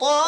طه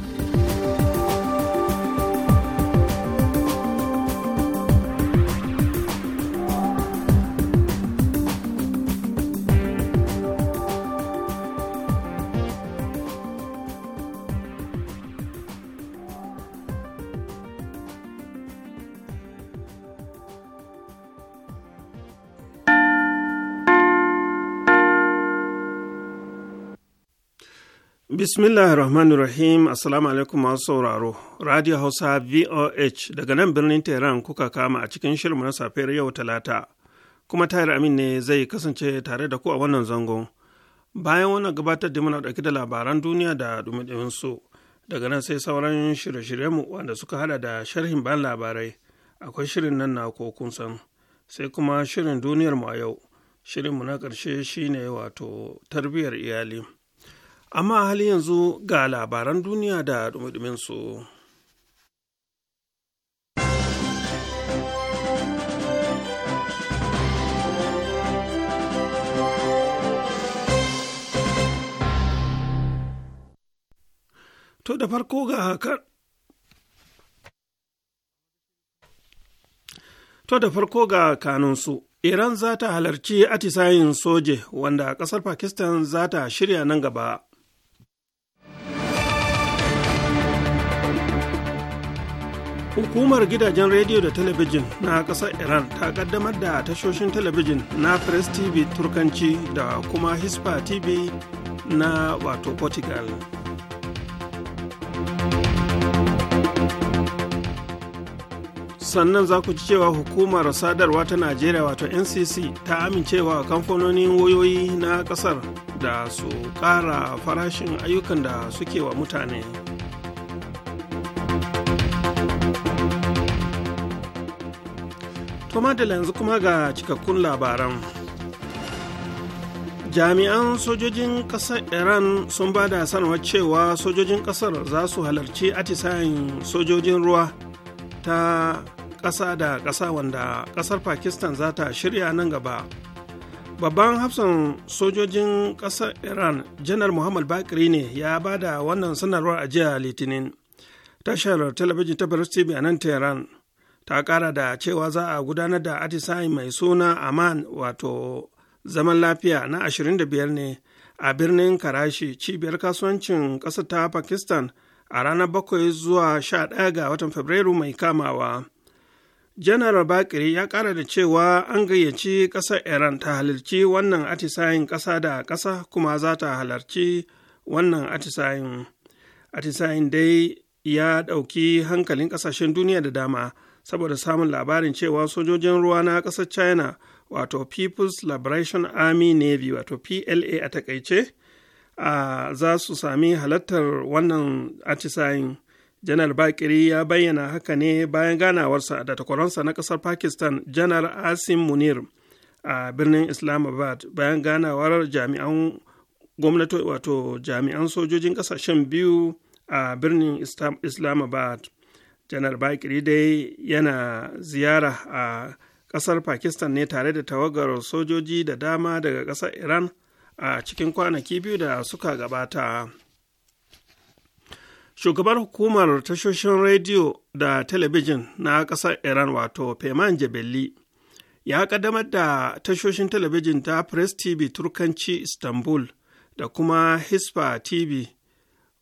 Bismillahi Rahmanir Rahim, Assalamu alaikum masu sauraro. Radio Hausa VOH daga nan birnin Tehran kuka kama a cikin shirin na safiyar yau Talata. Kuma Tahir Amin ne zai kasance tare da ku a wannan zangon. Bayan wannan gabatar da muna dauke da labaran duniya da dumi su. Daga nan sai sauran shirye mu wanda suka hada da sharhin ban labarai. Akwai shirin nan na ko kun san. Sai kuma shirin duniyar mu a yau. shirin mu na ƙarshe shine wato tarbiyyar iyali. amma hali yanzu ga labaran duniya da dumudumin su. To da farko ga hakar. To da farko ga kanunsu, Iran za ta halarci atisayin soje wanda ƙasar Pakistan za ta shirya nan gaba. Hukumar gidajen rediyo da talabijin na ƙasar Iran ta ƙaddamar da tashoshin talabijin na Press TV Turkanci da kuma Hispa TV na wato Portugal. sannan za ku ji cewa hukumar sadarwa ta najeriya wato ncc ta amincewa kamfanonin wayoyi na kasar da su kara farashin ayyukan da suke wa mutane To madalla yanzu kuma ga cikakkun labaran. Jami'an sojojin kasar Iran sun ba da sanarwar cewa sojojin kasar za su halarci atisayen sojojin ruwa ta ƙasa da ƙasa wanda ƙasar Pakistan za ta shirya nan gaba. Babban hafsan sojojin ƙasar Iran, Janar Muhammad Bakri ne ya ba da wannan sanarwar a jiya Litinin. Tashar talabijin ta Paris a nan Tehran. ta ƙara da cewa za a gudanar da atisayi mai suna aman wato zaman lafiya na 25 ne a birnin karashi cibiyar kasuwancin ƙasar ta pakistan a ranar 7 zuwa 11 ga watan fabrairu mai kamawa janaral bakiri ya ƙara da cewa an gayyaci ƙasar iran ta halarci wannan atisayin ƙasa da ƙasa kuma za ta halarci wannan atisayin atisayin dai ya ɗauki hankalin ƙasashen duniya da dama saboda samun labarin cewa sojojin ruwa na ƙasar china wato people's liberation army navy wato pla a takaice a za su sami halartar wannan atisayin janar bakiri ya bayyana haka ne bayan ganawarsa da takwaransa na ƙasar pakistan janar asim munir a birnin islamabad bayan ganawar jami'an gwamnati wato jami'an sojojin ƙasashen biyu a birnin islamabad janar bakiri dai yana ziyara a ƙasar pakistan ne tare da tawagar sojoji da dama daga ƙasar iran a cikin kwanaki biyu da suka gabata shugabar hukumar tashoshin rediyo da talabijin na ƙasar iran wato peman jebeli ya kaddamar da tashoshin talabijin ta press tv turkanci istanbul da kuma hispa tv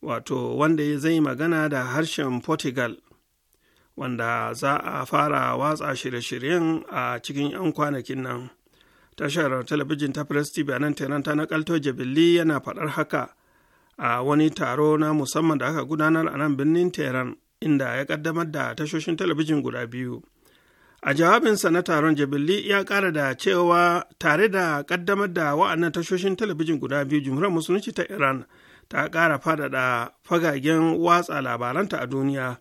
wato wanda zai magana da harshen portugal wanda za a fara watsa shirye-shiryen a cikin 'yan kwanakin nan tashar talabijin ta press tv nan tenan ta nakalto jabilli yana faɗar haka a wani taro na musamman da aka gudanar a nan birnin tehran inda ya kaddamar da tashoshin talabijin guda biyu a jawabinsa na taron jabilli ya ƙara da cewa tare da kaddamar da wa'annan tashoshin talabijin guda biyu jumhuriyar musulunci ta iran ta ƙara faɗaɗa fagagen watsa labaranta a duniya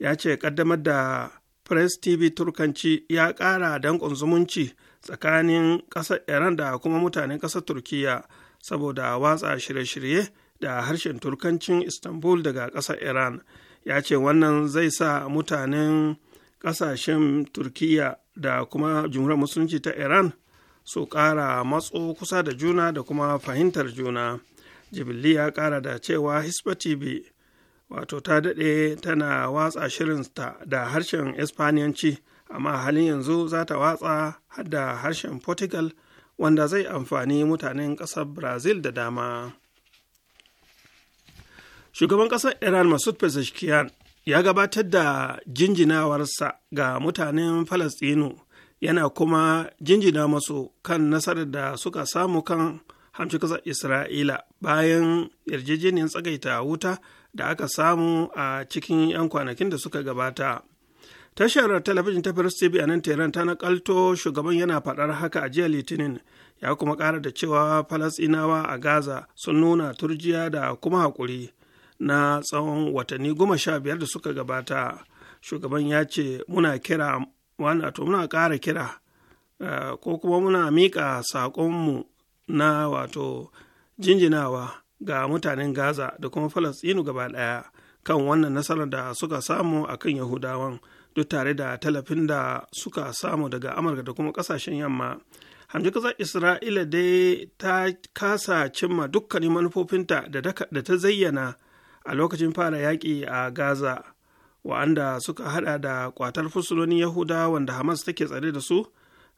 ya ce kaddamar da press tv turkanci ya kara danƙon zumunci tsakanin ƙasar iran da kuma mutanen ƙasar turkiya saboda watsa shirye-shirye da harshen turkancin istanbul daga ƙasar iran ya ce wannan zai sa mutanen ƙasashen turkiya da kuma jumhuriyar musulunci ta iran su ƙara matso kusa da juna da kuma fahimtar juna jibilli ya ƙara da cewa hisba tv wato ta daɗe tana watsa shirin ta da harshen espaniyanci amma halin yanzu za ta watsa da harshen portugal wanda zai amfani mutanen ƙasar brazil da dama shugaban ƙasar iran masu pezeshkian ya gabatar da jinjinawarsa ga mutanen falastinu yana kuma jinjina masu kan nasarar da suka samu kan hamshi ƙasar isra'ila bayan yarjejeniyar tsagaita wuta da aka samu a cikin 'yan kwanakin da suka gabata. Tashar talabijin ta First TV a nan Tehran ta nakalto shugaban yana faɗar haka a jiya Litinin ya kuma ƙara da cewa Falasɗinawa a Gaza sun nuna turjiya da kuma haƙuri na tsawon watanni goma sha biyar da suka gabata. Shugaban ya ce muna kira wato muna ƙara kira eh, ko kuma muna miƙa saƙonmu na wato jinjinawa ga mutanen gaza da kuma falasɗinu gaba ɗaya kan wannan nasarar da suka samu a kan yahudawan duk tare da talafin da suka samu daga amurka da kuma ƙasashen yamma hamji ƙasar isra'ila dai ta kasa cimma dukkanin manufofinta da ta zayyana a lokacin fara yaƙi a gaza wa'anda suka haɗa da kwatar fursunonin yahudawan da hamas take tsare da su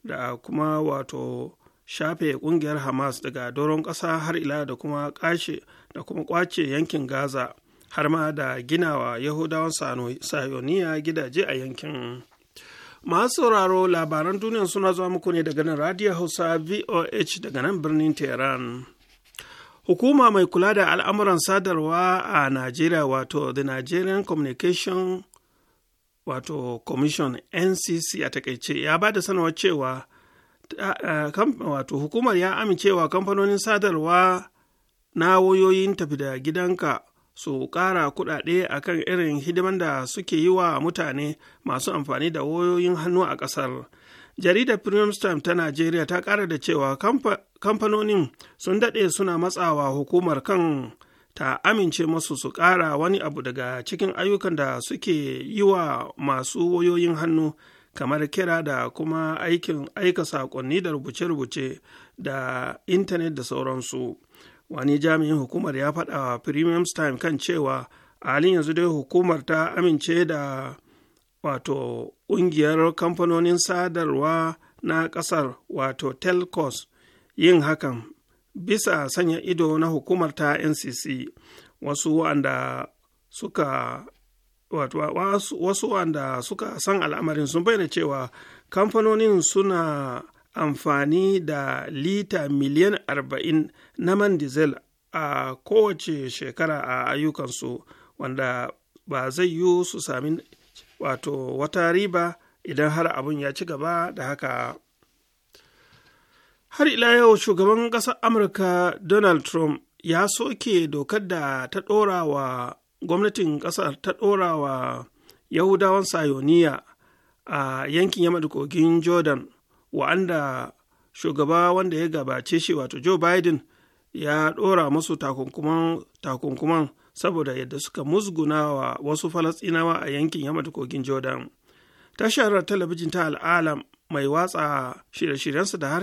da kuma wato shafe kungiyar hamas daga doron ƙasa har ila da kuma kashe da kuma ƙwace yankin gaza har ma da ginawa yahudawan sayoniya gidaje a yankin masu sauraro labaran duniya suna zuwa muku ne daga nan radio hausa voh daga nan birnin tehran hukuma mai kula da al'amuran sadarwa a najeriya wato the nigerian communication wato commission ncc a takaice ya ba da sanarwar cewa wato hukumar ya amincewa kamfanonin sadarwa na wayoyin tafi da gidanka su ƙara kuɗaɗe a kan irin hidiman da suke yi wa mutane masu amfani da wayoyin hannu a ƙasar. Jaridar Premium Stamp ta Najeriya ta ƙara da cewa kamfanonin sun daɗe suna matsawa hukumar kan ta amince masu su ƙara wani abu daga cikin ayyukan da suke yi wa masu wayoyin hannu kamar kira da kuma aikin aika saƙonni da rubuce-rubuce da intanet da sauransu wani jami'in hukumar ya faɗa wa premium time kan cewa a halin yanzu dai hukumar ta amince da wato ƙungiyar kamfanonin sadarwa na ƙasar wato telcos yin hakan bisa sanya ido na hukumar ta ncc wasu wanda suka wato wasu wanda suka san al'amarin sun bayyana cewa kamfanonin suna amfani da lita miliyan 40 na man diesel a kowace shekara a ayyukansu wanda ba zai yiwu su sami wato wata riba idan har abun ya ci gaba da haka har ila yau shugaban ƙasar amurka donald trump ya soke dokar da ta ɗora wa gwamnatin ƙasar ta ɗora wa yahudawan sayoniya a yankin yamma da kogin jordan wa'anda shugaba wanda ya gabace shi wato joe biden ya ɗora masu takunkuman saboda yadda suka musguna wa wasu falasɗinawa a yankin yamma da kogin jordan tashar talabijin ta al'alam mai watsa shirye-shiryensa da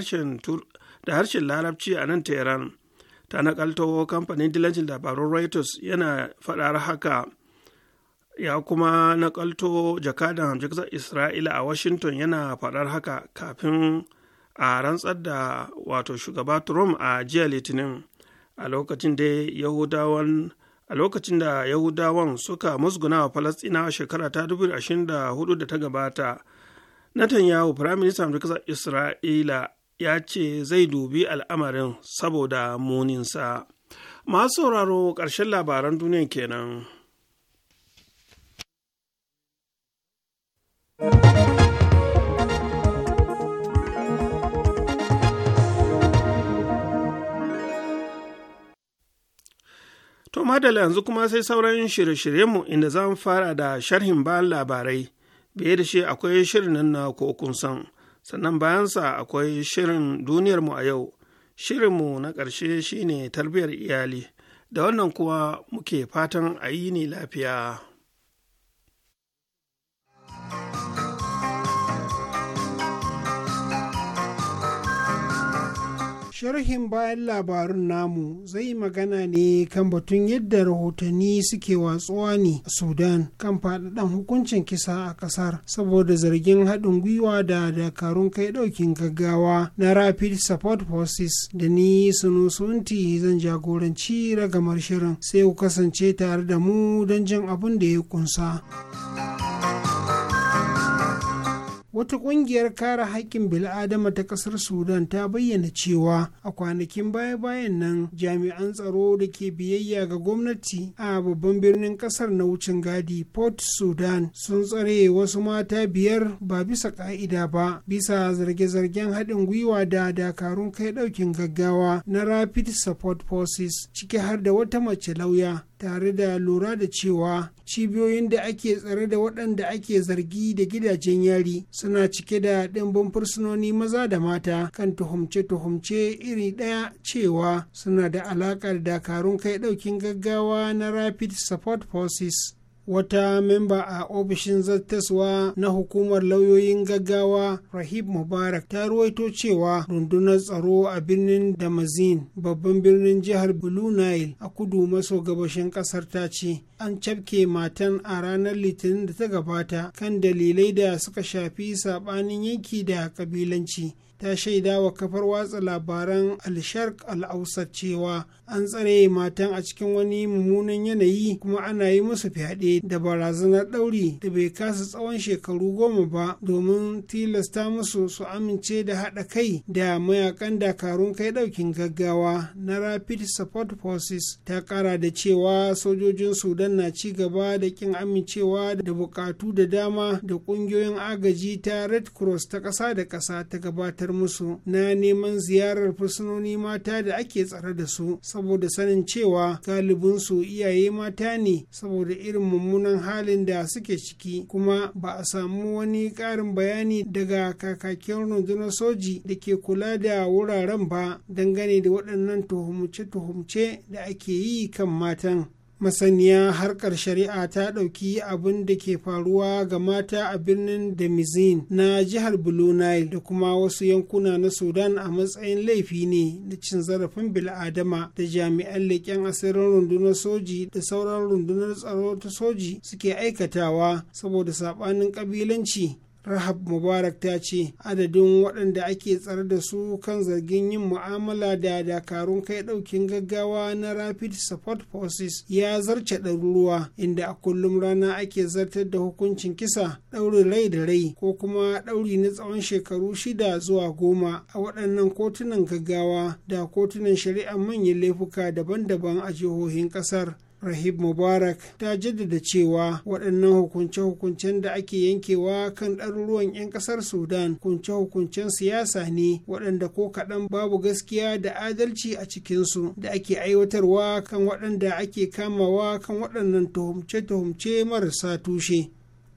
harshen larabci a nan teheran ta nakalto kamfanin dilancin labarun reuters yana faɗar haka ya kuma nakalto jakadan hamjikasar isra'ila a washington yana faɗar haka kafin a rantsar da wato shugaba trump a jiya litinin a lokacin da yahudawan suka musguna wa falastinawa shekara ta 2024 da ta gabata netanyahu firaministan amurka isra'ila ya ce zai dubi al'amarin saboda muninsa masu sauraro ƙarshen labaran duniya kenan. To madala yanzu kuma sai sauran shirye-shiryenmu inda za mu fara da sharhin bayan labarai, biye da shi akwai shirin nan na kokun san sannan bayansa akwai shirin duniyarmu a yau shirinmu na ƙarshe shine tarbiyyar iyali da wannan kuwa muke fatan a yi ne lafiya sharhin bayan labarun namu zai magana ne kan batun yadda rahotanni suke watsuwa ne a sudan kan faɗaɗan hukuncin kisa a ƙasar saboda zargin haɗin gwiwa da dakarun kai ɗaukin gaggawa na rapid support forces da ni Sunti zan jagoranci ragamar shirin sai ku kasance tare da mu don jin abin da ya ƙunsa. wata ƙungiyar kare haƙƙin bil'adama ta ƙasar sudan ta bayyana cewa a kwanakin baya-bayan nan jami'an tsaro da ke biyayya ga gwamnati a babban birnin ƙasar na wucin gadi port sudan sun tsare wasu mata biyar ba bisa ƙa'ida ba bisa zarge-zargen haɗin gwiwa da dakarun kai ɗaukin gaggawa na rapid support forces ciki har da wata mace lauya tare da lura da cewa cibiyoyin da ake tsare da waɗanda ake zargi da gidajen yari suna cike da ɗimbin fursunoni maza da mata kan tuhumce-tuhumce iri ɗaya cewa suna da alaƙar dakarun kai ɗaukin gaggawa na rapid support forces wata memba a ofishin zattaswa na hukumar lauyoyin gaggawa rahib mubarak ta ruwaito cewa rundunar tsaro a birnin damazin babban birnin jihar blue nile a kudu maso gabashin kasar ta ce an cafke matan a ranar litinin da ta gabata kan dalilai da suka shafi saɓanin yanki da kabilanci ta shaida wa kafar watsa labaran alshark al'ausar cewa an tsare matan a cikin wani mummunan yanayi kuma ana yi musu fyaɗe da barazanar ɗauri da bai kasa tsawon shekaru goma ba domin tilasta musu su amince da haɗa kai da mayakan dakarun kai ɗaukin gaggawa na rapid support forces ta ƙara da cewa sojojin sudan na ci gaba da ƙin amincewa da buƙatu da dama da ƙungiyoyin agaji ta red cross ta ƙasa da ƙasa ta gabatar gabatar musu na neman ziyarar fursunoni mata da ake tsare da su saboda sanin cewa galibinsu iyaye mata ne saboda irin mummunan halin da suke ciki kuma ba a samu wani ƙarin bayani daga kakakin rundunar soji da ke kula da wuraren ba dangane da waɗannan tuhumce-tuhumce da ake yi kan matan. masaniya harkar shari'a ta ɗauki abin da ke faruwa ga mata a birnin damizin na jihar blue nile da kuma wasu yankuna na sudan a matsayin laifi ne na cin zarafin bil'adama da jami'an leƙen asirin rundunar soji da sauran rundunar tsaro ta soji suke aikatawa saboda saɓanin ƙabilanci rahab mubarak ta ce adadin waɗanda ake tsare da su kan zargin yin mu'amala da dakarun kai ɗaukin gaggawa na rapid support forces ya zarce ɗaruruwa inda a kullum rana ake zartar da hukuncin kisa ɗaurin rai da rai ko kuma ɗauri na tsawon shekaru shida zuwa goma a waɗannan kotunan gaggawa da kotunan shari'ar manyan laifuka daban-daban a jihohin ƙasar rahib mubarak ta jaddada cewa waɗannan hukunce-hukuncen da ake yankewa kan ɗaruruwan 'yan ƙasar sudan hukunce-hukuncen siyasa ne waɗanda ko kaɗan babu gaskiya da adalci a cikinsu da ake aiwatarwa kan waɗanda ake kamawa kan waɗannan tuhumce-tuhumce marasa tushe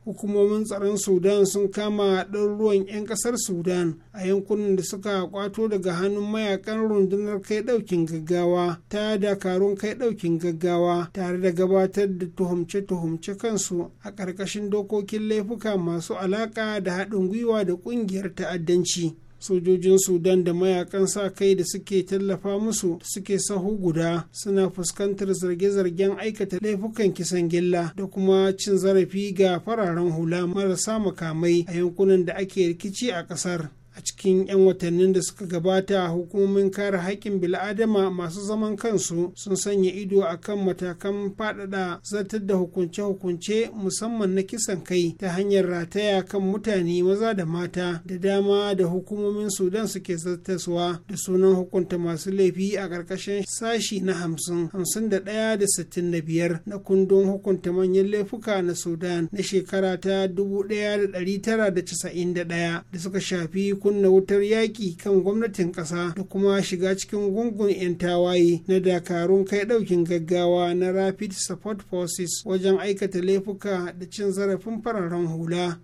hukumomin tsaron sudan sun kama ɗan ruwan 'yan ƙasar sudan a yankunan da suka kwato daga hannun mayakan rundunar kai ɗaukin gaggawa ta dakarun kai ɗaukin gaggawa tare da gabatar da tuhumce-tuhumce kansu a ƙarƙashin dokokin laifuka masu alaƙa da haɗin gwiwa da ƙungiyar ta'addanci sojojin sudan da mayakan sa kai da suke tallafa musu da suke sahu guda suna fuskantar zarge-zargen aikata laifukan kisan gilla da kuma cin zarafi ga fararen hula marasa makamai a yankunan da ake rikici a kasar a cikin 'yan watannin da suka gabata hukumomin kare haƙƙin bil'adama masu zaman kansu sun sanya ido a kan matakan faɗaɗa zartar da hukunce-hukunce musamman na kisan kai ta hanyar rataya kan mutane maza da mata da dama da hukumomin sudan suke zartaswa da sunan hukunta masu laifi a ƙarƙashin sashi na hamsin hamsin da ɗaya da sittin da biyar na kundin hukunta manyan laifuka na sudan na shekara ta dubu ɗaya da ɗari tara da casa'in da ɗaya da suka shafi kunna wutar yaƙi kan gwamnatin ƙasa da kuma shiga cikin gungun 'yan tawaye na dakarun kai ɗaukin gaggawa na rapid support forces wajen aikata laifuka da cin zarafin fararen hula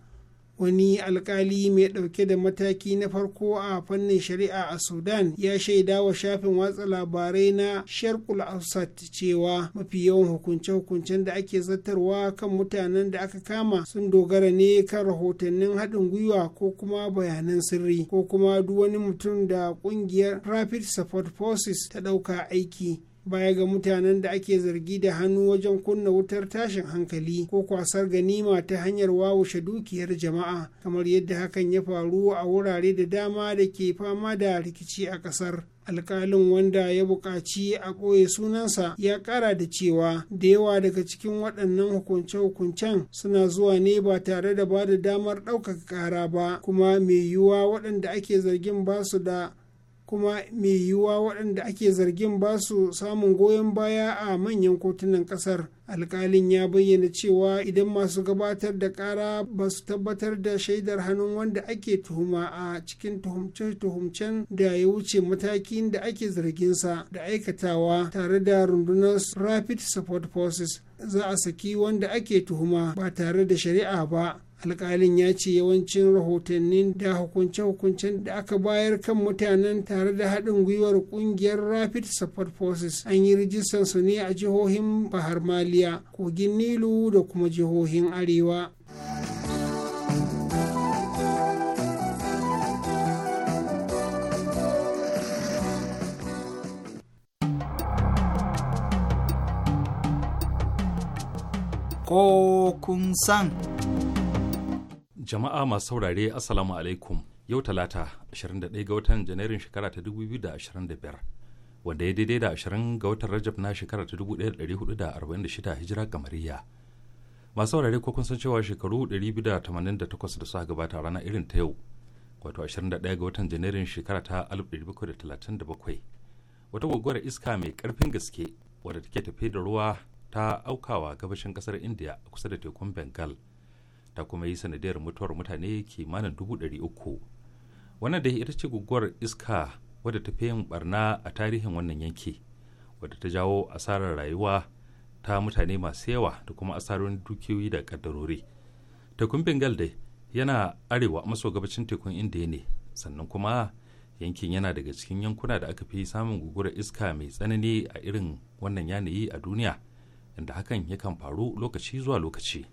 wani alkali mai ɗauke da mataki na farko a fannin shari'a a sudan ya shaida wa shafin watsa labarai na sharkul ausat cewa mafi yawan hukunce-hukuncen da ake zartarwa kan mutanen da aka kama sun dogara ne kan rahotannin haɗin gwiwa ko kuma bayanan sirri ko kuma duk wani mutum da ƙungiyar rapid support forces ta ɗauka aiki baya ga mutanen da ake zargi da hannu wajen kunna wutar tashin hankali ko kwasar ganima ta hanyar wawushe dukiyar jama'a kamar yadda hakan ya faru a wurare da dama da ke fama da rikici a ƙasar alkalin wanda ya buƙaci a ɓoye sunansa ya ƙara da cewa da yawa daga cikin waɗannan hukunce-hukuncen suna zuwa ne ba tare da ba da damar ɗaukaka ƙara ba kuma mai yiwuwa waɗanda ake zargin ba su da kuma mai yiwuwa waɗanda ake zargin ba su samun goyon baya a manyan kotunan ƙasar alkalin ya bayyana cewa idan masu gabatar da ƙara ba su tabbatar da shaidar hannun wanda ake tuhuma a cikin tuhumce-tuhumcen da ya wuce matakin da ake zarginsa da aikatawa tare da rundunar rapid support forces za a saki wanda ake tuhuma ba tare da shari'a ba alkalin ya ce yawancin rahotannin da hukunce-hukuncen da aka bayar kan mutanen tare da haɗin gwiwar ƙungiyar rapid support forces an yi rijistar su ne a jihohin bahar maliya kogin nilu da kuma jihohin arewa Ko kun san. Jama'a masu saurare Assalamu alaikum yau talata 21 ga watan Janairun shekara ta 2025 wanda ya daidai da 20 ga watan Rajab na shekara ta 1446 hijira gamariya Masu saurare ko kun san cewa shekaru 288 da suka gabata a ranar irin ta yau wato 21 ga watan Janairun shekara ta 1737 wata gwagwar iska mai karfin gaske wadda take tafe da ruwa ta aukawa gabashin kasar India kusa da tekun Bengal. ta kuma yi sanadiyar mutuwar mutane kimanin dubu ɗari uku wannan da ita ce guguwar iska wadda ta fi yin barna a tarihin wannan yanki wadda ta jawo asarar rayuwa ta mutane masu yawa da kuma asarorin dukiyoyi da kaddarori tekun bengal dai yana arewa maso gabacin tekun indiya ne sannan kuma yankin yana daga cikin yankuna da aka fi samun guguwar iska mai tsanani a irin wannan yanayi a duniya inda hakan yakan faru lokaci zuwa lokaci.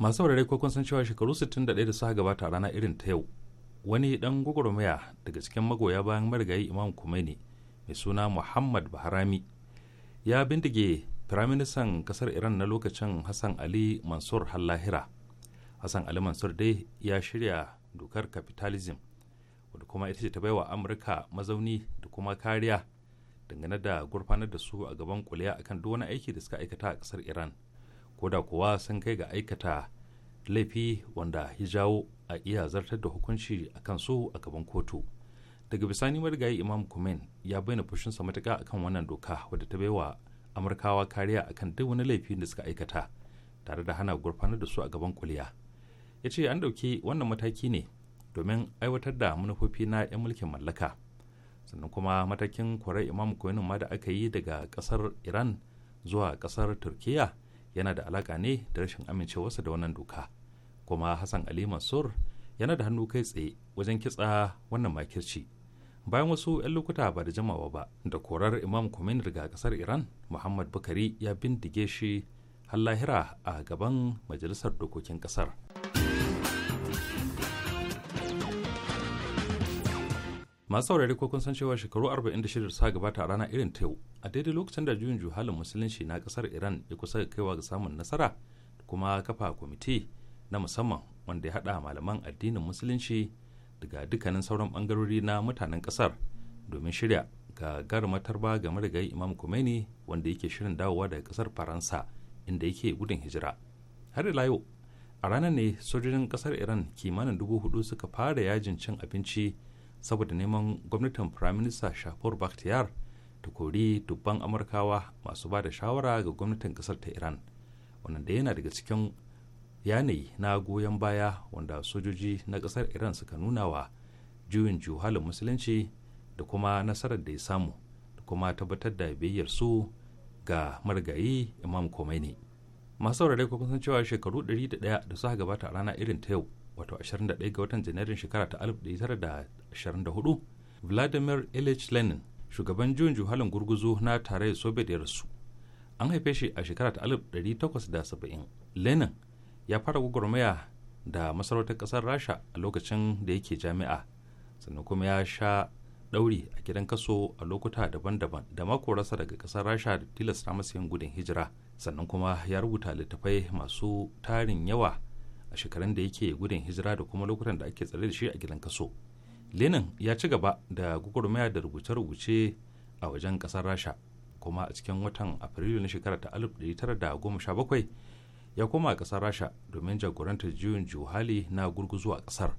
masu saurare ko kun san cewa shekaru 61 da suka gabata rana irin ta yau wani dan gwagwarmaya daga cikin magoya bayan marigayi imam ne mai suna muhammad baharami ya bindige firaministan kasar iran na lokacin hassan ali mansur hallahira hassan ali mansur dai ya shirya dokar capitalism wadda kuma ita ce ta baiwa amurka mazauni da kuma kariya dangane da gurfanar da su a gaban kuliya akan duk wani aiki da suka aikata a kasar iran ko da kuwa sun kai ga aikata laifi wanda ya jawo a iya zartar da hukunci a kan su a gaban kotu daga bisani marigayi imam kumen ya bayyana fushinsa matuka akan wannan doka wadda ta baiwa amurkawa kariya akan duk wani laifi da suka aikata tare da hana gurfanar da su a gaban kuliya ya ce an ɗauki wannan mataki ne domin aiwatar da manufofi na 'yan mulkin mallaka sannan kuma matakin kwarar imam kumen ma da aka yi daga ƙasar iran zuwa ƙasar turkiyya. yana da alaka ne da rashin amincewarsa da wannan doka kuma hassan ali mansur yana da hannu kai tsaye wajen kitsa wannan makirci bayan wasu 'yan lokuta ba da jimawa ba da korar imam kumin daga kasar iran muhammad bukari ya bindige shi har lahira a gaban majalisar dokokin kasar masu saurari ko kun san cewa shekaru 46 suka gabata a rana irin ta yau a daidai lokacin da juyin juhalin musulunci na kasar iran ya kusa kaiwa ga samun nasara kuma kafa kwamiti na musamman wanda ya haɗa malaman addinin musulunci daga dukkanin sauran bangarori na mutanen kasar domin shirya ga garmatar ba game da imam Khomeini wanda yake shirin dawowa daga kasar faransa inda yake gudun hijira har ila yau a ranar ne sojojin kasar iran kimanin dubu hudu suka fara yajin cin abinci saboda neman gwamnatin firaminista shafur bakhtiyar ta kori dubban amurkawa masu ba da shawara ga gwamnatin kasar ta iran wanda yana daga cikin yanayi na goyon baya wanda sojoji na kasar iran suka nuna wa juyin juhalin musulunci da kuma nasarar da ya samu da kuma tabbatar da biyayyar su ga marigayi imam komai ne masu saurare kun san cewa shekaru 101 da suka gabata a rana irin ta yau wato 21 ga watan janairun shekara ta 1924 vladimir ilyich lenin shugaban juyin juhalin gurguzu na tare tarayyar soviet ya rasu an haife shi a shekara ta 1870 lenin ya fara gwagwarmaya da masarautar kasar rasha a lokacin da yake jami'a sannan kuma ya sha dauri a gidan kaso a lokuta daban-daban da mako-rasa daga kasar rasha da tilasta masa yin gudun hijira sannan kuma ya rubuta littattafai masu tarin yawa a shekarun da yake gudun hijira da kuma lokutan da ake tsare da shi a gidan kaso lenin ya ci gaba da gugurmaya da rubuce-rubuce a wajen kasar rasha kuma a cikin watan afrilu na shekara ta 1917 ya koma a kasar rasha domin jagorantar juyin juhali na gurguzu a kasar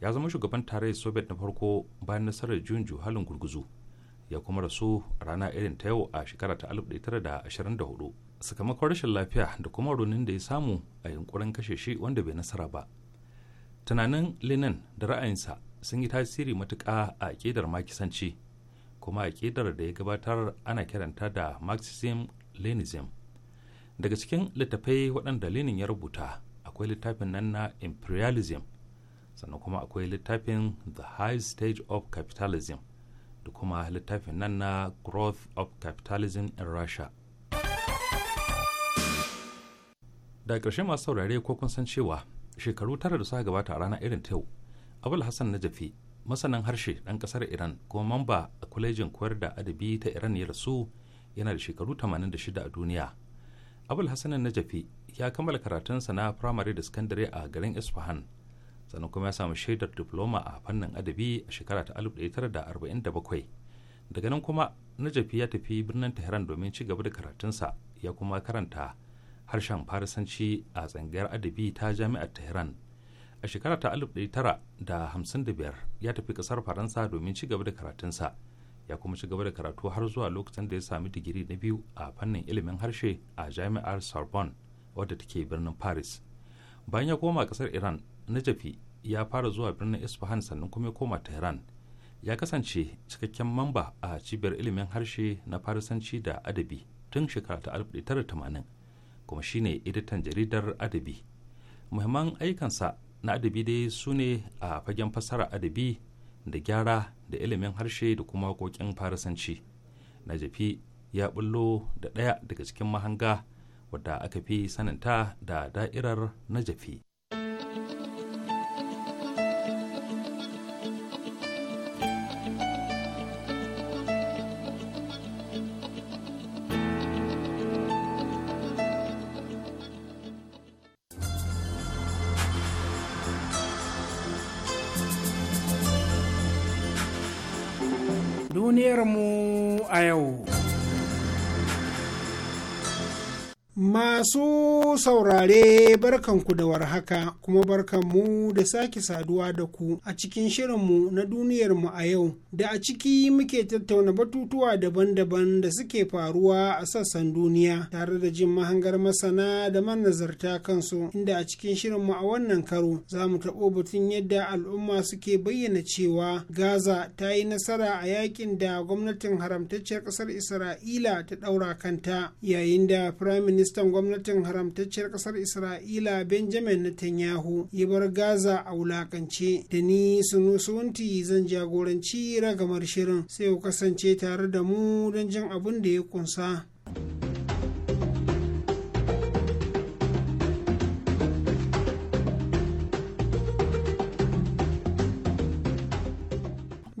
ya zama shugaban tarayyar soviet na farko bayan nasarar juyin juhalin gurguzu ya kuma rasu rana irin ta yau a shekara ta 1924 sakamakon rashin lafiya da kuma raunin da ya samu a yunkurin kashe shi wanda bai nasara ba tunanin lenin da ra'ayinsa sun yi tasiri matuƙa a ƙidar makisanci kuma a ƙidar da ya gabatar ana kiranta da marxism leninism daga cikin littafai waɗanda lenin ya rubuta akwai littafin nan na imperialism sannan kuma akwai littafin the high stage of capitalism da kuma littafin nan na growth of capitalism in russia Da ƙarshe masu saurare ko kun san cewa shekaru tara da suka gabata a ranar irin ta yau abul hassan najafi masanin harshe ɗan ƙasar iran kuma mamba a kwalejin koyar da adabi ta iran ya rasu yana da shekaru 86 a duniya abul hassan najafi ya kammala karatunsa na firamare da sakandare a garin isfahan sannan kuma ya samu shaidar diploma a fannin adabi a shekara ta 1947 daga nan kuma najafi ya tafi birnin tehran domin ci gaba da karatunsa ya kuma karanta harshen farisanci a tsangayar adabi ta jami'ar tehran a shekara ta 1955 ya tafi kasar faransa domin ci gaba da karatunsa ya kuma ci gaba da karatu har zuwa lokacin da ya sami digiri na biyu a fannin ilimin harshe a jami'ar sorbonne wadda take birnin paris bayan ya koma kasar iran najafi ya fara zuwa birnin isfahan sannan kuma ya koma tehran ya kasance cikakken mamba a cibiyar ilimin harshe na farisanci da adabi tun shekara ta 1980 kuma shine editan jaridar adabi muhimman aikansa na adabi dai su ne a fagen fassara adabi da gyara da ilimin harshe da kuma waƙoƙin farisanci najafi ya bullo da ɗaya daga cikin mahanga wadda aka fi sananta da da'irar najafi mu a yau. Masu saurare barkanku da warhaka kuma barkanmu da sake saduwa da ku a cikin shirinmu na duniyarmu a yau da a ciki muke tattauna batutuwa daban-daban da suke faruwa a sassan duniya tare da jin mahangar masana da manazarta kansu inda a cikin shirinmu a wannan karo za mu taɓo batun yadda al'umma suke bayyana cewa Gaza ta yi nasara a yakin da gwamnatin haramtacciyar ƙasar Isra'ila ta ɗaura kanta yayin da Firayim Minista ministan gwamnatin haramtacciyar kasar isra'ila benjamin netanyahu ya bar gaza a wulakance da ni sunu suwanti zan jagoranci ragamar shirin sai ku kasance tare da mu don jin abin da ya kunsa.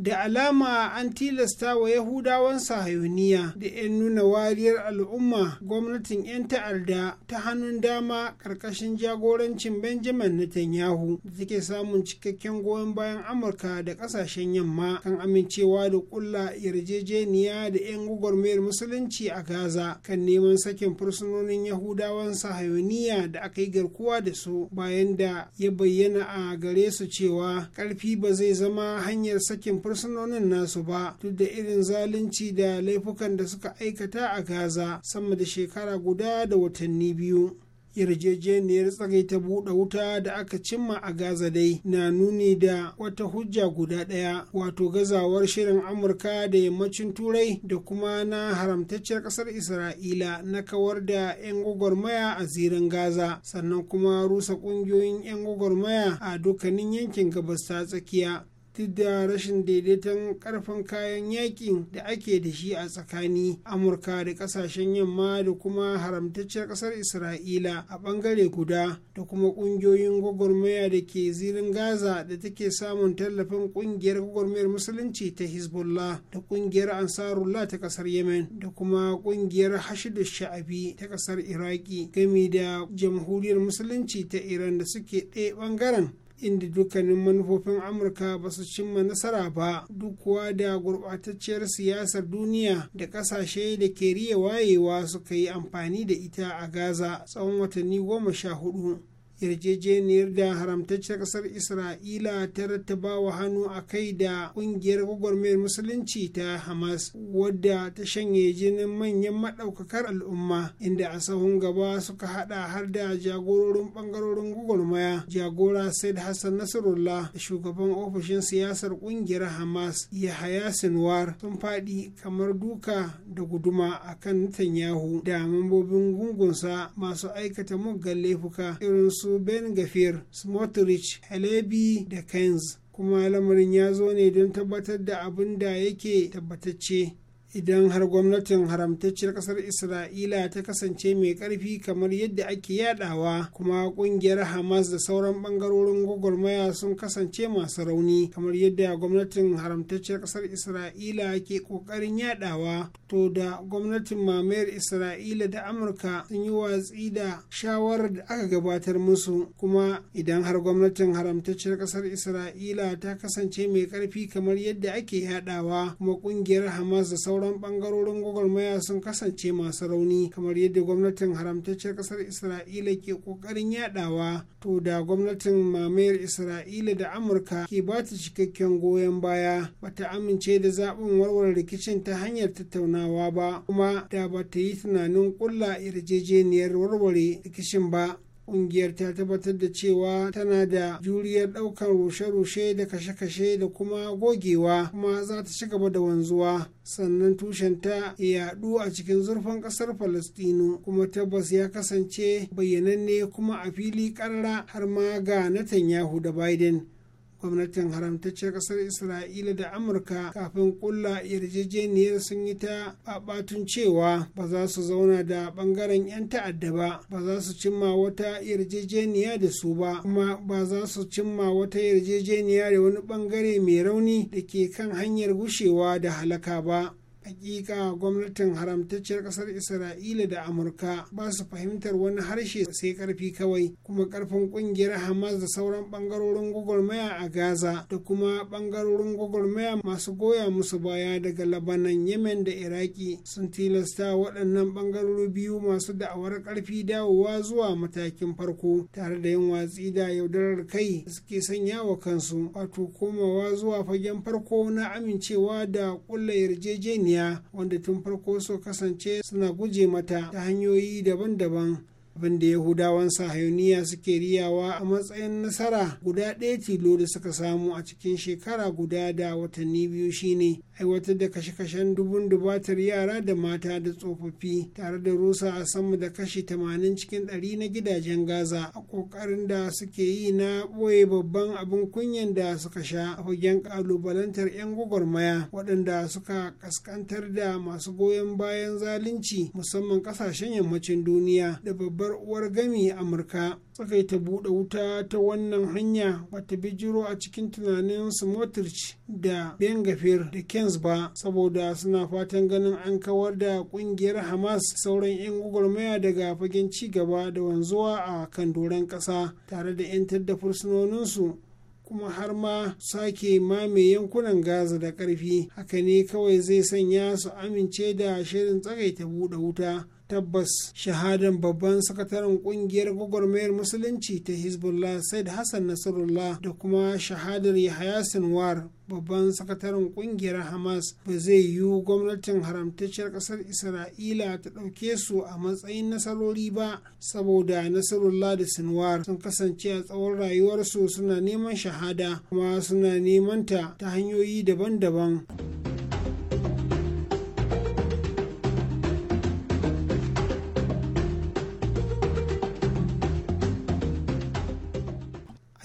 da alama an tilasta wa yahudawan sahayuniya da 'yan nuna wariyar al'umma gwamnatin 'yan ta'arda ta hannun dama karkashin jagorancin benjamin netanyahu da take samun cikakken goyon bayan amurka da kasashen yamma kan amincewa da kulla yarjejeniya da 'yan gwagwarmayar musulunci a gaza kan neman sakin fursunonin yahudawan sahayuniya da aka yi garkuwa da su bayan da ya bayyana a gare su cewa ƙarfi ba zai zama hanyar sakin fursunonin fursunonin nasu ba duk da irin zalunci da laifukan da suka aikata a gaza sama da shekara guda da watanni biyu yarjejeniyar ta buɗe wuta da aka cimma a gaza dai na nuni da wata hujja guda ɗaya wato gazawar shirin amurka da yammacin turai da kuma na haramtacciyar ƙasar isra'ila na kawar da 'yan gwagwarmaya a zirin gaza sannan kuma rusa ƙungiyoyin 'yan gwagwarmaya a dukkanin yankin gabas ta tsakiya duk da rashin daidaiton karfin kayan yakin da ake da shi a tsakani amurka da kasashen yamma da kuma haramtacciyar kasar isra'ila a bangare guda da kuma kungiyoyin gwagwarmaya da ke zirin gaza da take samun tallafin kungiyar gwagwarmayar musulunci ta hezbollah da kungiyar ansarullah ta kasar yemen da kuma kungiyar hashidu sha'abi ta kasar iraki gami da jamhuriyar musulunci ta iran da suke ɗaya bangaren inda dukkanin manufofin amurka ba su cimma nasara ba duk kuwa da gurbatacciyar siyasar duniya da ƙasashe da ke riya wayewa suka yi amfani da ita a gaza tsawon watanni goma sha hudu yarjejeniyar da haramtaccen ƙasar isra'ila ta rattaba wa hannu a kai da ƙungiyar gwagwarmayar musulunci ta hamas wadda ta shanye jinin manyan maɗaukakar al'umma inda a sahun gaba suka haɗa har da jagororin ɓangarorin gwagwarmaya jagora said hassan nasarullah shugaban ofishin siyasar ƙungiyar hamas yahaya sinwar sun faɗi kamar duka da guduma a kan netanyahu da mambobin gungunsa masu aikata muggan laifuka irin su su ben gafir smotrich halebi da keynes kuma lamarin ya zo ne don tabbatar da abin da yake tabbatacce idan har gwamnatin haramtacciyar kasar isra'ila ta kasance mai karfi kamar yadda ake yadawa kuma kungiyar hamas da sauran bangarorin gwagwarmaya sun kasance masu rauni kamar yadda gwamnatin haramtacciyar kasar isra'ila ke kokarin yadawa to da gwamnatin mamayar isra'ila da amurka sun yi watsi da shawarar da aka gabatar musu kuma idan har gwamnatin haramtacciyar kasar isra'ila ta kasance mai karfi kamar yadda ake yadawa kuma kungiyar hamas da sauran sauran bangarorin gwagwarmaya sun kasance masu rauni kamar yadda gwamnatin haramtacciyar kasar isra'ila ke kokarin yadawa to da gwamnatin mamayar isra'ila da amurka ke ba ta cikakken goyon baya ba ta amince da zaɓin warware rikicin ta hanyar tattaunawa ba kuma da ba ta yi tunanin kulla yarjejeniyar warware rikicin ba kungiyar ta tabbatar da cewa tana da juriyar daukar rushe-rushe da kashe-kashe da kuma gogewa kuma za ta ci gaba da wanzuwa sannan tushenta ya yadu a cikin zurfin ƙasar falastinu kuma tabbas ya kasance bayyananne kuma a fili karara har ma ga netanyahu da biden gwamnatin haramtaccen kasar isra'ila da amurka kafin kulla yarjejeniyar sun yi ta babatun cewa ba za su zauna da bangaren 'yan ta'adda ba ba za su cimma wata yarjejeniya da su ba kuma ba za su cimma wata yarjejeniya da wani bangare mai rauni da ke kan hanyar gushewa da halaka ba hakika gwamnatin haramtacciyar kasar isra'ila da amurka ba su fahimtar wani harshe sai karfi kawai kuma karfin kungiyar hamas da sauran bangarorin gwagwarmaya a gaza da kuma bangarorin gwagwarmaya masu goya musu baya daga labanan yemen da iraki sun tilasta waɗannan bangarori biyu masu da'awar karfi dawowa zuwa matakin farko tare da yin watsi da yaudarar kai da suke sanya wa kansu wato komawa zuwa fagen farko na amincewa da ƙulla yarjejeniya duniya wanda tun farko so kasance suna guje mata ta hanyoyi daban-daban abin da yahudawan sahayoniya suke riyawa a matsayin nasara guda ɗaya tilo da suka samu a cikin shekara guda da watanni biyu shine aiwatar da kashe-kashen dubun dubatar yara da mata da tsofaffi tare da rusa a sama da kashi 80 cikin 100 na gidajen gaza a kokarin da suke yi na ɓoye babban abin kunyan da suka sha a fagen kalubalantar 'yan gwagwarmaya waɗanda suka kaskantar da masu goyon bayan zalunci musamman ƙasashen yammacin duniya da babbar uwar gami amurka ta buɗe wuta ta wannan hanya wata bijiro a cikin tunanin smotrich da bengafir da ken Nations ba saboda suna fatan ganin an kawar da kungiyar Hamas sauran 'yan gwagwarmaya daga fagen ci gaba da wanzuwa a kan doron ƙasa tare da 'yantar da fursunoninsu kuma har ma sake mame yankunan gaza da ƙarfi haka ne kawai zai sanya su amince da shirin tsagaita buɗe wuta tabbas shahadan babban sakataren kungiyar gwagwarmayar musulunci ta hezbollah said hassan nasarullah da kuma shahadar yahaya sinwar babban sakataren kungiyar hamas ba zai yiwu gwamnatin haramtacciyar kasar isra'ila ta ɗauke su a matsayin nasarori ba saboda nasarullah da sinwar sun kasance a tsawon rayuwarsu suna neman shahada kuma suna neman ta ta hanyoyi daban-daban.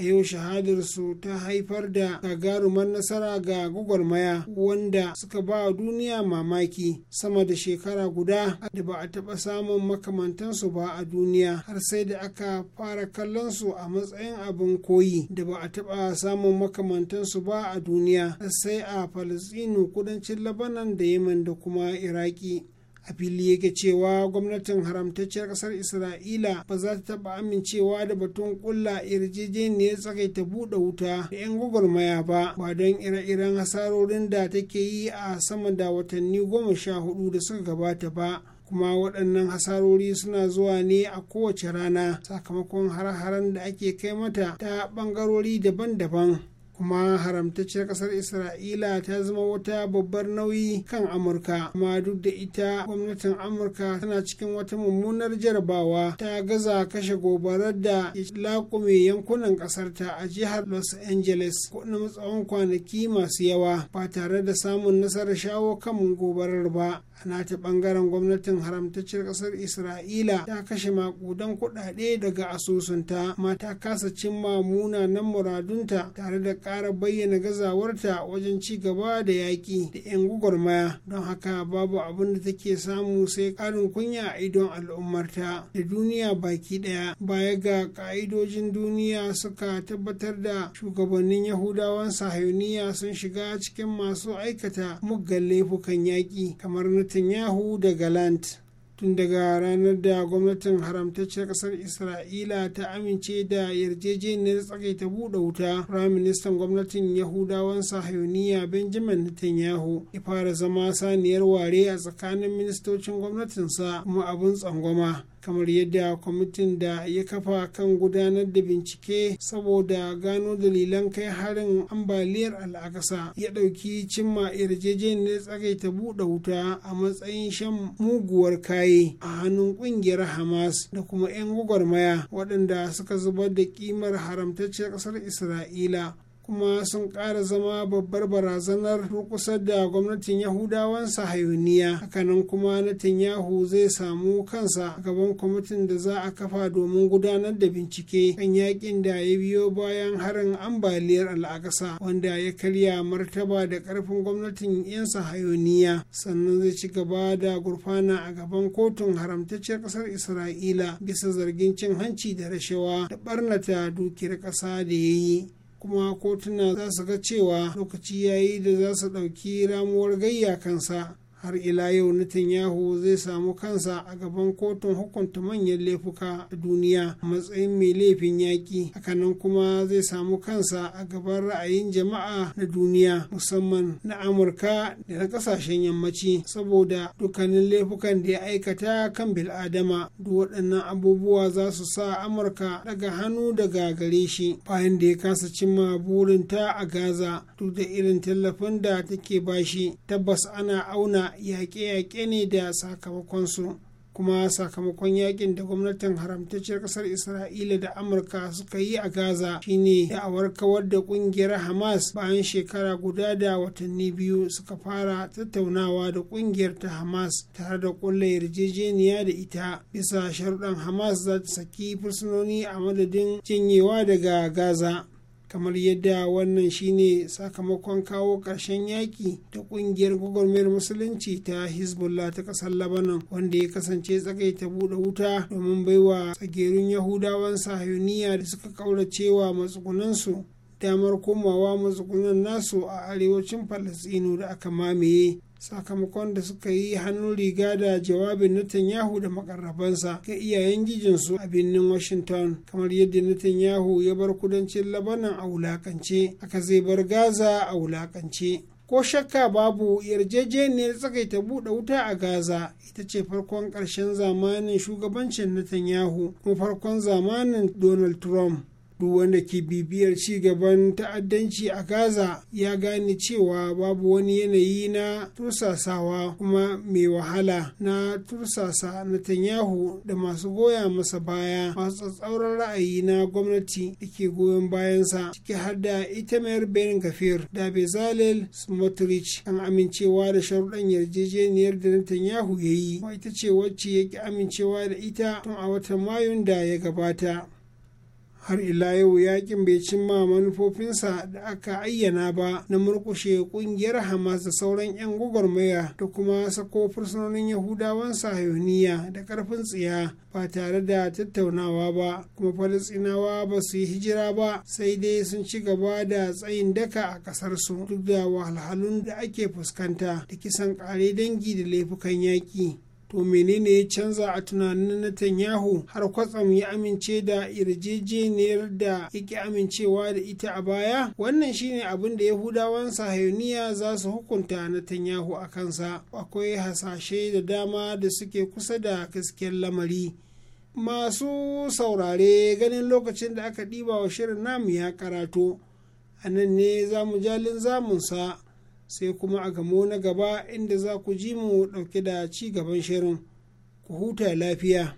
a yau shahadarsu ta haifar da gagarumar nasara ga gwagwarmaya wanda suka ba duniya mamaki sama da shekara guda da ba a taɓa samun makamantansu ba a duniya har sai da aka fara kallon su a matsayin abin koyi da ba a taɓa samun makamantansu ba a duniya sai a falasinu kudancin labanan da yemen da kuma iraki a fili yake cewa gwamnatin haramtacciyar kasar isra'ila ba za ta taɓa amincewa da batun ƙulla yarjejeniyar ta buɗe wuta da 'yan gwagwarmaya ba ba don ire-iren hasarorin da take yi a sama da watanni goma sha hudu da suka gabata ba kuma waɗannan hasarori suna zuwa ne a kowace rana sakamakon har-haren da ake kai mata ta ɓangarori daban-daban kuma haramtacciyar kasar isra'ila ta zama wata babbar nauyi kan amurka kuma duk da ita gwamnatin amurka tana cikin wata mummunar jarabawa ta gaza kashe gobarar da lakume yankunan ƙasarta a jihar los angeles na tsawon kwanaki masu yawa ba tare da samun nasarar shawo kan gobarar ba a nata bangaren gwamnatin haramtaccen kasar isra'ila ta kashe makudan kuɗaɗe daga asusunta ma ta kasa cimma munanan muradunta tare da ƙara bayyana gazawarta wajen ci gaba da yaƙi da 'yan gwagwarmaya don haka babu abin da take samu sai ƙarin kunya a idon al'ummarta da duniya baki ɗaya baya ga ƙa'idojin duniya suka tabbatar da shugabannin yahudawan sahiyoniya sun shiga cikin masu aikata muggan laifukan yaƙi kamar na netanyahu da galant tun daga ranar da gwamnatin haramtacciyar kasar isra'ila ta amince da yarjejeniyar ta buɗe wuta firaministan gwamnatin yahudawan sahayoniya benjamin netanyahu ya fara zama saniyar ware a tsakanin ministocin gwamnatinsa kuma abin tsangwama kamar yadda kwamitin da ya kafa kan gudanar da bincike saboda gano dalilan kai harin ambaliyar al'akasa ya ɗauki cimma yarjejeniyar tsagaita buɗe wuta a matsayin shan muguwar kaye a hannun ƙungiyar hamas da kuma 'yan gwagwarmaya waɗanda suka zubar da kimar haramtacciyar ƙasar isra'ila kuma sun ƙara zama babbar barazanar rukusar da gwamnatin yahudawan sahayuniya hakanan kuma netanyahu zai samu kansa gaban kwamitin da za a kafa domin gudanar da bincike kan yakin da ya biyo bayan harin ambaliyar al'akasa wanda ya karya martaba da ƙarfin gwamnatin 'yan sahayuniya sannan zai ci gaba da gurfana a gaban kotun haramtacciyar ƙasar isra'ila bisa zargin cin hanci da rashawa da ɓarnata dukiyar ƙasa da ya yi kuma kotuna za su ga cewa lokaci yayi da za su ɗauki ramuwar gayya kansa har ila yau Netanyahu zai samu kansa a gaban kotun hukunta manyan laifuka a duniya a matsayin mai laifin yaƙi hakanan kuma zai samu kansa a gaban ra'ayin jama'a na duniya musamman na amurka da na ƙasashen yammaci saboda dukkanin laifukan da ya aikata kan bil'adama duk waɗannan abubuwa za su sa amurka daga hannu daga gare shi bayan da ya kasa cimma burinta a gaza duk da irin tallafin da take bashi tabbas ana auna yaƙe-yaƙe ne da sakamakonsu kuma sakamakon yakin da gwamnatin haramtacciyar ƙasar isra'ila da amurka suka yi a gaza shine da'awar kawar da ƙungiyar hamas bayan shekara guda da watanni biyu suka fara tattaunawa da ƙungiyar ta hamas tare da ƙulla yarjejeniya da ita bisa sharuɗan hamas za ta saki fursunoni a madadin cinyewa daga gaza kamar yadda wannan shine sakamakon kawo ƙarshen yaƙi ta ƙungiyar gwagwarmayar musulunci ta hezbollah ta ƙasar labanan wanda ya kasance tsakai ta buɗe wuta domin baiwa tsagerun yahudawan sahiyuniya da suka ƙauracewa matsugunansu damar komawa matsugunan nasu a arewacin falasino da aka mamaye sakamakon da suka yi hannun riga da jawabin Netanyahu da makarrabansa ga iyayen gijinsu a birnin Washington kamar yadda Netanyahu ya bar kudancin Labanan a wulakance aka zai bar Gaza a wulakance. Ko shakka babu yarjejeniyar tsakaita buɗe wuta a Gaza ita ce farkon ƙarshen zamanin shugabancin Netanyahu kuma farkon zamanin Donald Trump. duk wanda ke bibiyar ci gaban ta'addanci a gaza ya gane cewa babu wani yanayi na tursasawa kuma mai wahala na tursasa netanyahu da masu goya masa baya masu tsatsauran ra'ayi na gwamnati da ke goyon bayansa ciki har da itamar ben gafir da bezalel smotrich kan amincewa da sharuɗan yarjejeniyar da netanyahu ya yi ita ce wacce ya ki amincewa da ita tun a watan mayun da ya gabata har ila yau yakin bai cimma manufofinsa da aka ayyana ba na murkushe kungiyar hamas da sauran 'yan gwagwarmaya da kuma sako fursunonin yahudawan sahayoniya da karfin tsiya ba tare da tattaunawa ba kuma falastinawa ba su yi hijira ba sai dai sun ci gaba da tsayin daka a ƙasarsu. duk da wahalhalun da ake fuskanta da kisan kare dangi da laifukan yaƙi to menene ya canza a tunanin Netanyahu har kwatsam ya amince da yarjejeniyar da yake amincewa da ita a baya wannan shine abin da yahudawan sahayuniya za su hukunta Netanyahu a kansa akwai hasashe da dama da suke kusa da gaskiyar lamari masu saurare ganin lokacin da aka ɗiba wa shirin namu ya karato a nan ne zamu jalin zamunsa sai kuma a gamo na gaba inda za ku ji mu ɗauke da ci gaban shirin ku huta lafiya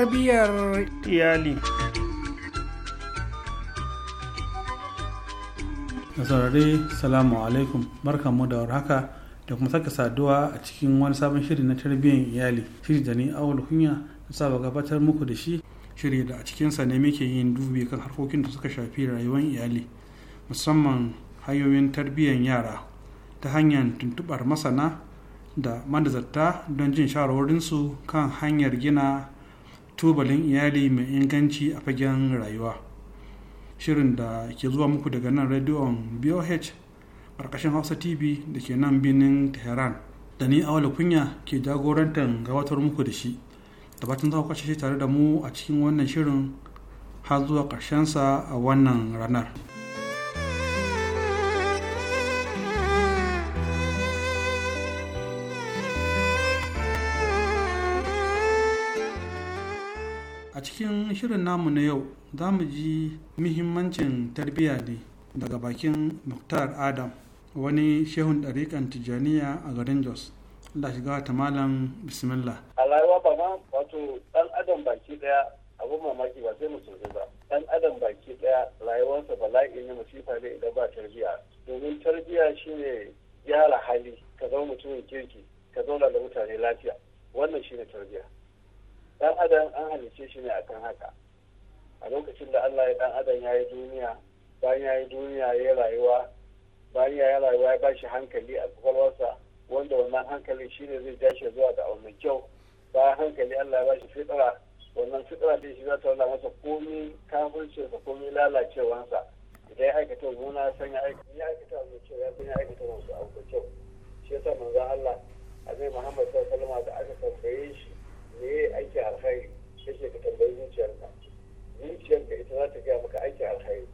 tarbiyyar iyali da saurari salamu alaikum barkanmu da warhaka da kuma saka saduwa a cikin wani sabon shiri na tarbiyyar iyali shiri da ni awul kunya na saba gabatar muku da shi shiri da a cikinsa ne muke yin dubi kan harkokin da suka shafi rayuwar iyali musamman hanyoyin tarbiyyar yara ta hanyar tuntubar masana da manazarta don jin shawarwarinsu kan hanyar gina tubalin iyali mai inganci a fagen rayuwa shirin da ke zuwa muku daga nan rediyon boh ƙarƙashin hausa tv da ke nan birnin tehran da ni awala kunya ke jagorantar gabatar muku da shi da batun za ku kashe tare da mu a cikin wannan shirin har zuwa ƙarshensa a wannan ranar. shirin namu na yau za mu ji muhimmancin tarbiyya ne daga bakin muktar adam wani shehun ɗariƙan tijjaniya a garin jos da shiga ta malam bismillah a rayuwa ba ma wato ɗan adam baki ɗaya abu mamaki ba sai mu ba ɗan adam baki ɗaya rayuwarsa bala'i ne masifa ne idan ba tarbiyya domin tarbiyya shine gyara hali ka zama mutumin kirki ka zauna da mutane lafiya wannan shine tarbiyya dan adam an halice shi ne akan haka a lokacin da Allah ya dan adam ya yi duniya bayan ya yi duniya ya yi rayuwa bayan ya yi rayuwa ya bashi hankali a kwakwalwarsa wanda wannan hankali shi ne zai tashi zuwa ga abu kyau bayan hankali Allah ya bashi shi fitara wannan fitara din shi za ta wala masa komi sa komi lalacewansa idan ya aikata gona san ya aikata ya aikata mai kyau ya san ya aikata wasu abu kyau shi sa manzon Allah a zai Muhammad sallallahu alaihi wasallam da aka tambaye shi me ya aikin alkhairi take ka tambayi zuciyarka zuciyarka ita za ta gaya maka aiki alkhairi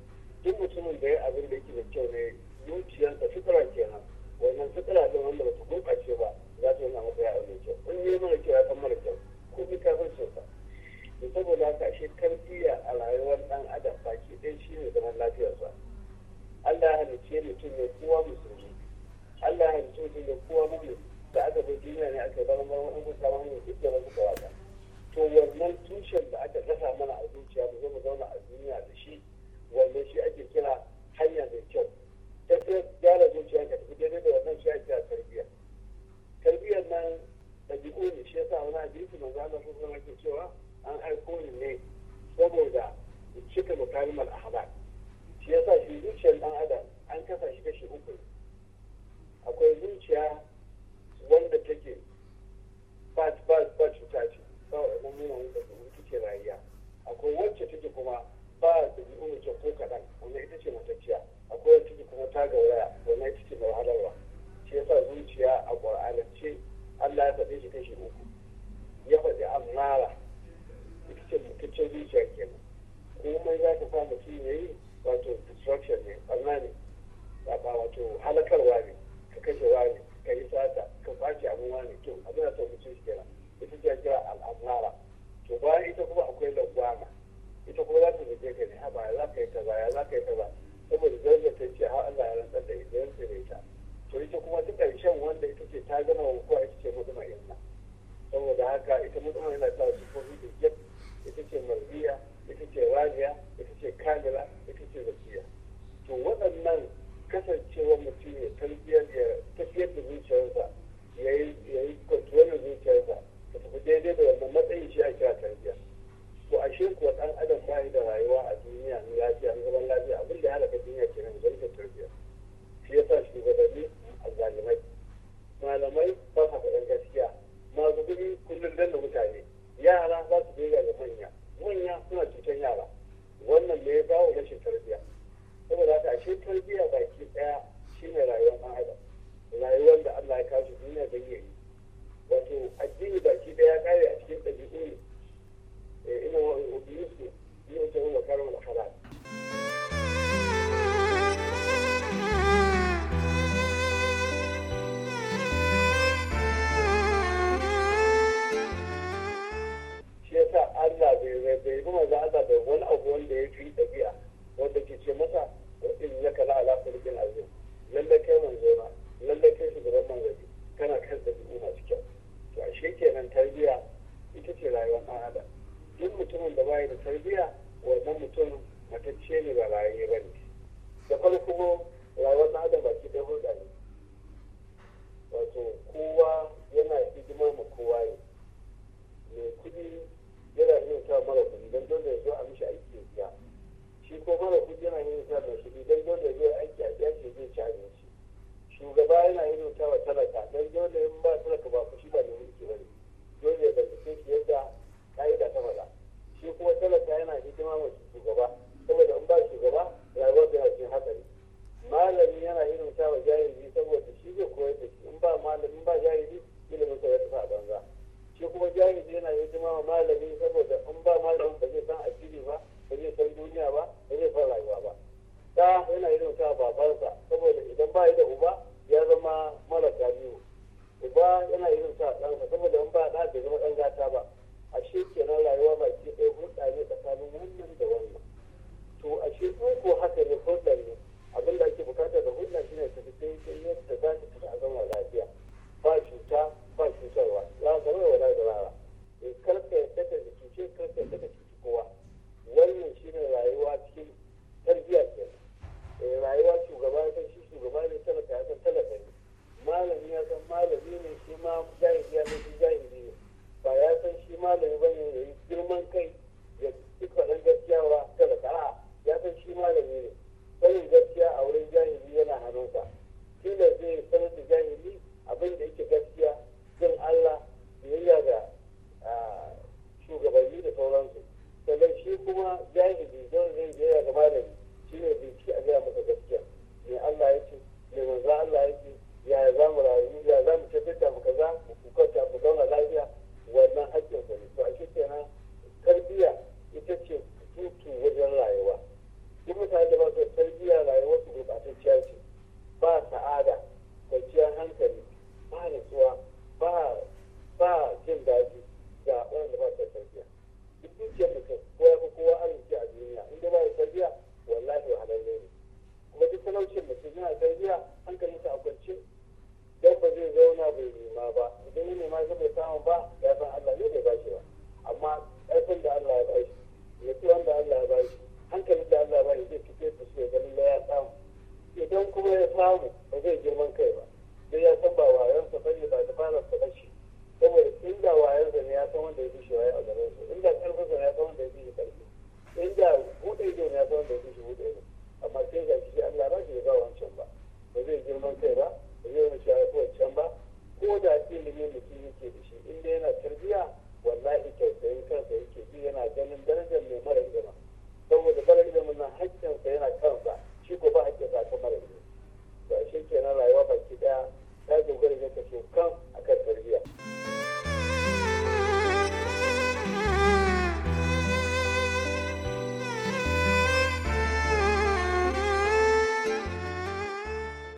duk mutumin da ya abin da yake da kyau ne zuciyarsa fitira kenan wannan fitira din wanda ba ta gurɓace ba za ta yana maka ya abin kyau in yi mara kyau ya san mara kyau ko bi ka san sa da saboda haka shi tarbiyya a rayuwar ɗan adam baki ɗaya ne zaman lafiyarsa Allah ya halicce mutum ne kowa musulmi Allah ya halicce mutum ne kowa mu'min da aka fi duniya ne aka yi barin barin an kusa hanyar duk da wasu kawata to wannan tushen da aka dasa mana a zuciya mu zama zauna a duniya da shi wannan shi ake kira hanya mai kyau ta gyara zuciya ka tafi daidai da wannan shi ake kira tarbiyya tarbiyyar nan ɗabi'u ne shi yasa wani hadisi manzo Allah sun zama ke cewa an aiko ni ne saboda cika mukalimar ahbar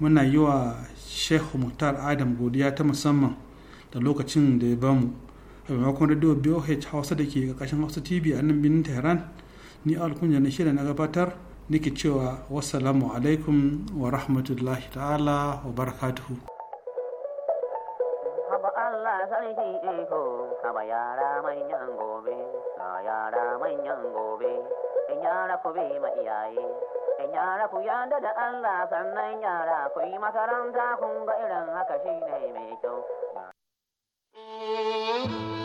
muna yi wa shehu muktar adam godiya ta musamman da lokacin da ya bamu a maimakon radio boh hausa da ke ƙarƙashin hausa tv a nan birnin tehran ni alkunya na shirya na gabatar nake cewa wassalamu alaikum wa rahmatullahi ta'ala wa barakatuhu Haba yara manyan gobe, yara manyan gobe, in yara ku ma iyaye, yara ku yarda da Allah sannan yara ku yi makaranta kun ga irin haka shi ne mai kyau.